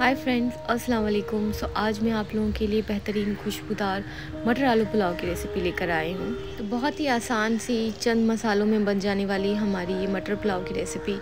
हाय friends अस्सलाम वालेकुम so आज मैं आप लोगों के लिए बेहतरीन खुशबूदार मटर आलू पुलाव की रेसिपी लेकर आई हूँ तो बहुत ही आसान सी चंद मसालों में बन जाने वाली हमारी ये मटर पुलाव की रेसिपी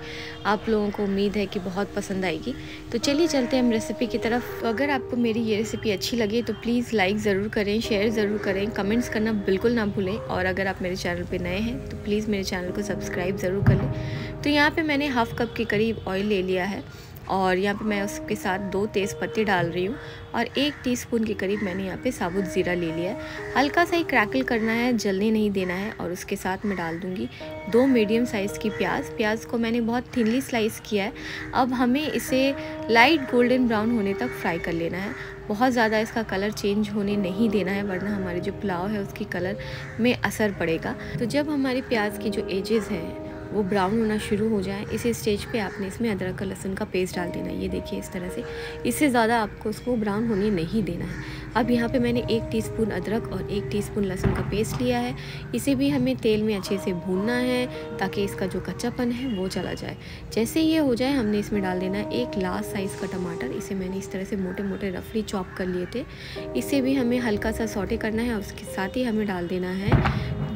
आप लोगों को उम्मीद है कि बहुत पसंद आएगी तो चलिए चलते हैं हम रेसिपी की तरफ तो अगर आपको मेरी ये रेसिपी अच्छी लगे तो प्लीज़ लाइक ज़रूर करें शेयर ज़रूर करें कमेंट्स करना बिल्कुल ना भूलें और अगर आप मेरे चैनल पर नए हैं तो प्लीज़ मेरे चैनल को सब्सक्राइब ज़रूर कर लें तो यहाँ पर मैंने हाफ़ कप के करीब ऑयल ले लिया है और यहाँ पे मैं उसके साथ दो तेज़ पत्ते डाल रही हूँ और एक टीस्पून के करीब मैंने यहाँ पे साबुत ज़ीरा ले लिया है हल्का सा ही क्रैकल करना है जलने नहीं देना है और उसके साथ मैं डाल दूँगी दो मीडियम साइज़ की प्याज प्याज को मैंने बहुत थिनली स्लाइस किया है अब हमें इसे लाइट गोल्डन ब्राउन होने तक फ्राई कर लेना है बहुत ज़्यादा इसका कलर चेंज होने नहीं देना है वरना हमारे जो पुलाव है उसकी कलर में असर पड़ेगा तो जब हमारे प्याज की जो एजेस हैं वो ब्राउन होना शुरू हो जाए इसी स्टेज पे आपने इसमें अदरक का लहसुन का पेस्ट डाल देना ये देखिए इस तरह से इससे ज़्यादा आपको उसको ब्राउन होने नहीं देना है अब यहाँ पे मैंने एक टीस्पून अदरक और एक टीस्पून लहसुन का पेस्ट लिया है इसे भी हमें तेल में अच्छे से भूनना है ताकि इसका जो कच्चापन है वो चला जाए जैसे ये हो जाए हमने इसमें डाल देना है एक लार्ज साइज़ का टमाटर इसे मैंने इस तरह से मोटे मोटे रफली चॉप कर लिए थे इसे भी हमें हल्का सा सॉटे करना है और उसके साथ ही हमें डाल देना है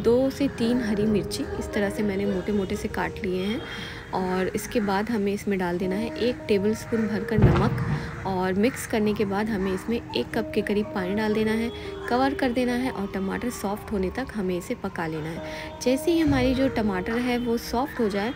दो से तीन हरी मिर्ची इस तरह से मैंने मोटे मोटे से काट लिए हैं और इसके बाद हमें इसमें डाल देना है एक टेबल स्पून भर कर नमक और मिक्स करने के बाद हमें इसमें एक कप के करीब पानी डाल देना है कवर कर देना है और टमाटर सॉफ्ट होने तक हमें इसे पका लेना है जैसे ही हमारी जो टमाटर है वो सॉफ्ट हो जाए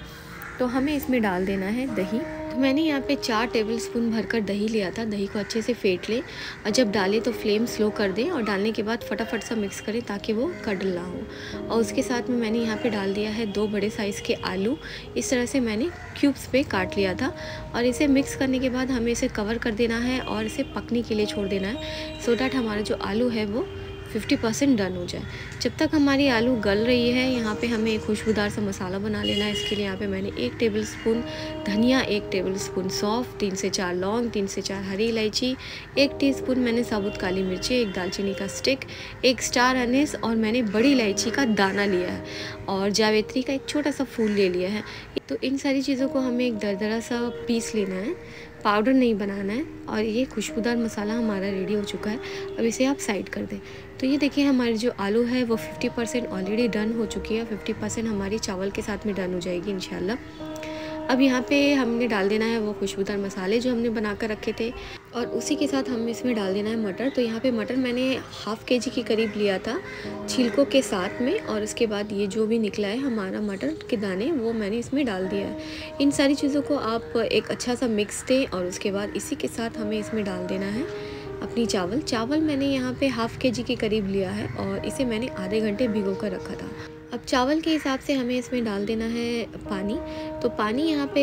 तो हमें इसमें डाल देना है दही तो मैंने यहाँ पे चार टेबल स्पून भरकर दही लिया था दही को अच्छे से फेंट लें और जब डालें तो फ्लेम स्लो कर दें और डालने के बाद फटाफट सा मिक्स करें ताकि वो कडल ना हो और उसके साथ में मैंने यहाँ पे डाल दिया है दो बड़े साइज़ के आलू इस तरह से मैंने क्यूब्स पे काट लिया था और इसे मिक्स करने के बाद हमें इसे कवर कर देना है और इसे पकने के लिए छोड़ देना है सो डैट हमारा जो आलू है वो फिफ्टी परसेंट डन हो जाए जब तक हमारी आलू गल रही है यहाँ पे हमें एक खुशबूदार सा मसाला बना लेना है इसके लिए यहाँ पे मैंने एक टेबल स्पून धनिया एक टेबल स्पून सौंफ तीन से चार लौंग तीन से चार हरी इलायची एक टीस्पून मैंने साबुत काली मिर्ची एक दालचीनी का स्टिक एक स्टार अनिस और मैंने बड़ी इलायची का दाना लिया है और जावेत्री का एक छोटा सा फूल ले लिया है तो इन सारी चीज़ों को हमें एक दरदरा सा पीस लेना है पाउडर नहीं बनाना है और ये खुशबूदार मसाला हमारा रेडी हो चुका है अब इसे आप साइड कर दें तो ये देखिए हमारी जो आलू है वो 50 परसेंट ऑलरेडी डन हो चुकी है 50 परसेंट हमारी चावल के साथ में डन हो जाएगी इन अब यहाँ पे हमने डाल देना है वो खुशबूदार मसाले जो हमने बना कर रखे थे और उसी के साथ हमें इसमें डाल देना है मटर तो यहाँ पे मटर मैंने हाफ़ के जी के करीब लिया था छिलकों के साथ में और उसके बाद ये जो भी निकला है हमारा मटर के दाने वो मैंने इसमें डाल दिया है इन सारी चीज़ों को आप एक अच्छा सा मिक्स दें और उसके बाद इसी के साथ हमें इसमें डाल देना है अपनी चावल चावल मैंने यहाँ पर हाफ़ के जी के करीब लिया है और इसे मैंने आधे घंटे भिगो कर रखा था अब चावल के हिसाब से हमें इसमें डाल देना है पानी तो पानी यहाँ पे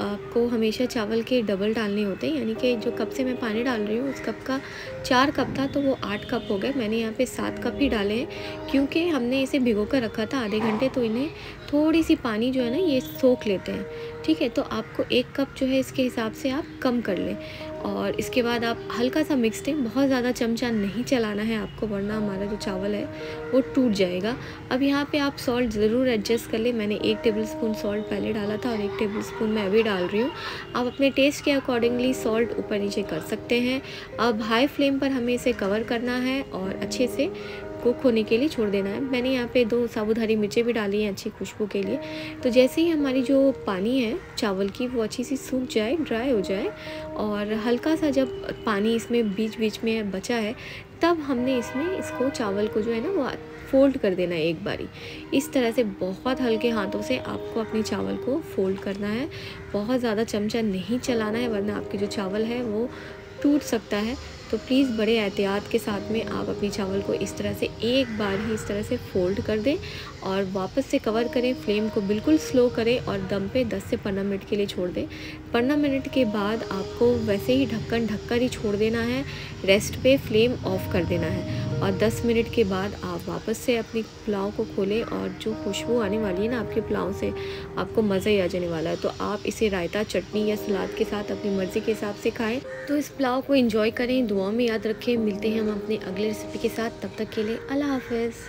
आपको हमेशा चावल के डबल डालने होते हैं यानी कि जो कप से मैं पानी डाल रही हूँ उस कप का चार कप था तो वो आठ कप हो गए मैंने यहाँ पे सात कप ही डाले हैं क्योंकि हमने इसे भिगो कर रखा था आधे घंटे तो इन्हें थोड़ी सी पानी जो है ना ये सोख लेते हैं ठीक है तो आपको एक कप जो है इसके हिसाब से आप कम कर लें और इसके बाद आप हल्का सा मिक्स दें बहुत ज़्यादा चमचा नहीं चलाना है आपको वरना हमारा जो चावल है वो टूट जाएगा अब यहाँ पे आप सॉल्ट ज़रूर एडजस्ट कर लें मैंने एक टेबल स्पून सॉल्ट पहले डाला था और एक टेबल स्पून मैं अभी डाल रही हूँ आप अपने टेस्ट के अकॉर्डिंगली सॉल्ट ऊपर नीचे कर सकते हैं अब हाई फ्लेम पर हमें इसे कवर करना है और अच्छे से कुक होने के लिए छोड़ देना है मैंने यहाँ पे दो साबुधारी मिर्चें भी डाली हैं अच्छी खुशबू के लिए तो जैसे ही हमारी जो पानी है चावल की वो अच्छी सी सूख जाए ड्राई हो जाए और हल्का सा जब पानी इसमें बीच बीच में बचा है तब हमने इसमें इसको चावल को जो है ना वो फोल्ड कर देना है एक बारी इस तरह से बहुत हल्के हाथों से आपको अपने चावल को फोल्ड करना है बहुत ज़्यादा चमचा नहीं चलाना है वरना आपके जो चावल है वो टूट सकता है तो प्लीज़ बड़े एहतियात के साथ में आप अपनी चावल को इस तरह से एक बार ही इस तरह से फोल्ड कर दें और वापस से कवर करें फ्लेम को बिल्कुल स्लो करें और दम पे 10 से पंद्रह मिनट के लिए छोड़ दें पंद्रह मिनट के बाद आपको वैसे ही ढक्कन ढककर ही छोड़ देना है रेस्ट पे फ्लेम ऑफ़ कर देना है और 10 मिनट के बाद आप वापस से अपने पुलाव को खोलें और जो खुशबू आने वाली है ना आपके पुलाव से आपको मज़ा ही आ जाने वाला है तो आप इसे रायता चटनी या सलाद के साथ अपनी मर्ज़ी के हिसाब से खाएं तो इस पुलाव को इंजॉय करें दुआ में याद रखें मिलते हैं हम अपने अगले रेसिपी के साथ तब तक के लिए अल्लाह हाफ